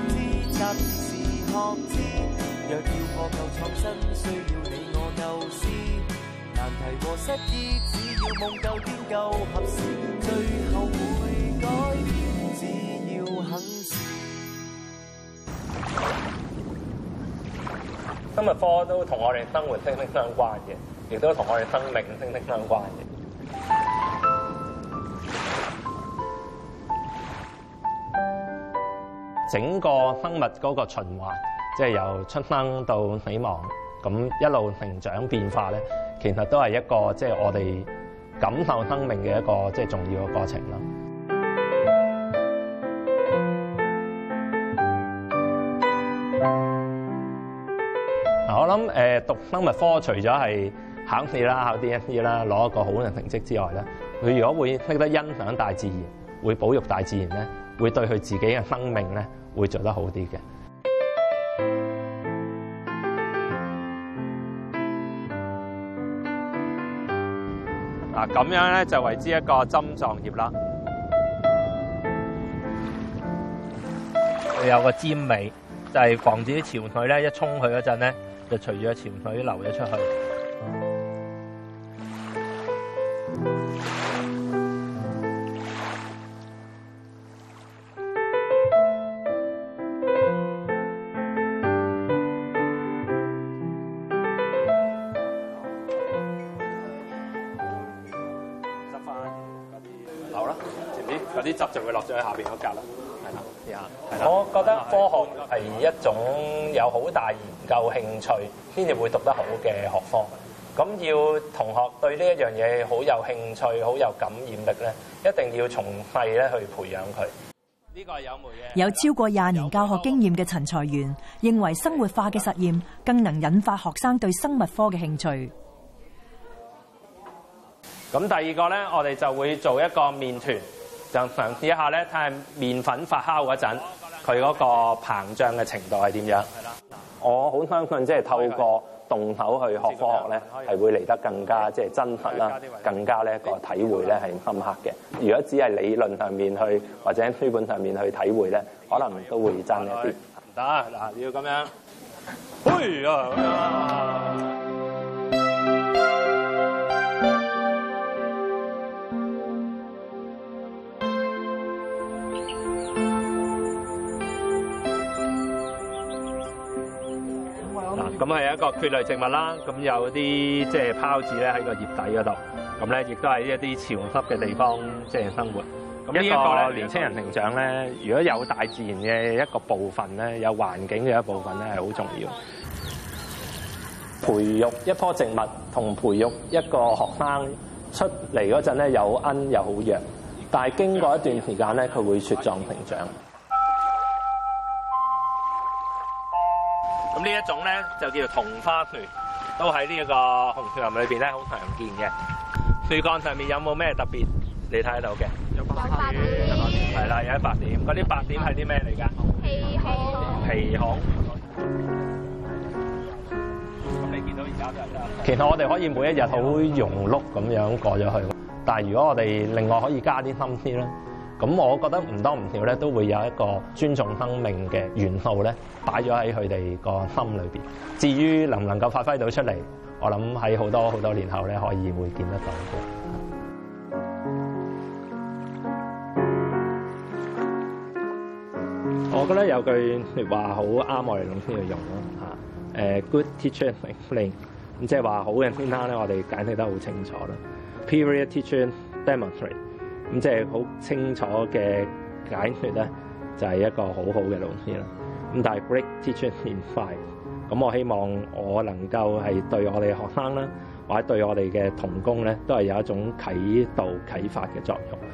生物科都同我哋生活息息相關嘅，亦都同我哋生命息息相關嘅。整個生物嗰個循環，即係由出生到死亡，咁一路成長變化咧，其實都係一個即係我哋感受生命嘅一個即係重要嘅過程啦。嗱， 我諗誒讀生物科，除咗係考試啦、考 DSE 啦、攞一個好嘅成績之外咧，佢如果會識得欣賞大自然，會保育大自然咧，會對佢自己嘅生命咧～會做得好啲嘅。嗱，咁樣咧就為之一個針狀葉啦。佢有個尖尾，就係、是、防止啲潮水咧一衝佢嗰陣咧，就隨住個潮水流咗出去。嗯有啦，知唔知有啲汁就會落咗喺下邊嗰格啦？係啦，啲啊，係啦。我覺得科學係一種有好大研究興趣先至會讀得好嘅學科。咁要同學對呢一樣嘢好有興趣、好有感染力咧，一定要從細咧去培養佢。呢個有冇嘅？有超過廿年教學經驗嘅陳才源認為，生活化嘅實驗更能引發學生對生物科嘅興趣。咁第二個咧，我哋就會做一個麵團，就嘗試一下咧，睇下麵粉發酵嗰陣佢嗰個膨脹嘅程度係點樣。我好相信，即係透過動手去學科學咧，係會嚟得更加即係真實啦，更加呢一個體會咧係深刻嘅。如果只係理論上面去或者書本上面去體會咧，可能都會真一啲。唔得嗱，要咁樣。嘿啊！啊咁係一個蕨類植物啦，咁有啲即係孢子咧喺個葉底嗰度，咁咧亦都係一啲潮濕嘅地方即係生活。咁一個年輕人成長咧，如果有大自然嘅一個部分咧，有環境嘅一部分咧，係好重要。培育一棵植物同培育一個學生出嚟嗰陣咧，有奀又好弱，但係經過一段時間咧，佢會茁壯成長。呢一種咧就叫做桐花樹，都喺呢個紅樹林裏面咧好常見嘅。樹幹上面有冇咩特別？你睇得到嘅？有白點。係啦，有啲白點。嗰啲白點係啲咩嚟㗎？皮孔。皮孔。咁你見到而家就真係。其實我哋可以每一日好融碌咁樣過咗去，但係如果我哋另外可以加啲心思啦。咁我覺得唔多唔少咧，都會有一個尊重生命嘅元素咧，擺咗喺佢哋個心裏邊。至於能唔能夠發揮到出嚟，我諗喺好多好多年後咧，可以會見得到嘅。我覺得有句話天 learning, 說好啱我哋老師要用咯 g o o d teaching l i n 咁即係話好嘅先生咧，我哋解釋得好清楚啦。Period teaching demonstrate。咁即係好清楚嘅解決咧，就係一個好好嘅老師啦。咁但係 break teaching in five 咁我希望我能夠係對我哋學生啦，或者對我哋嘅同工咧，都係有一種啟導、啟發嘅作用。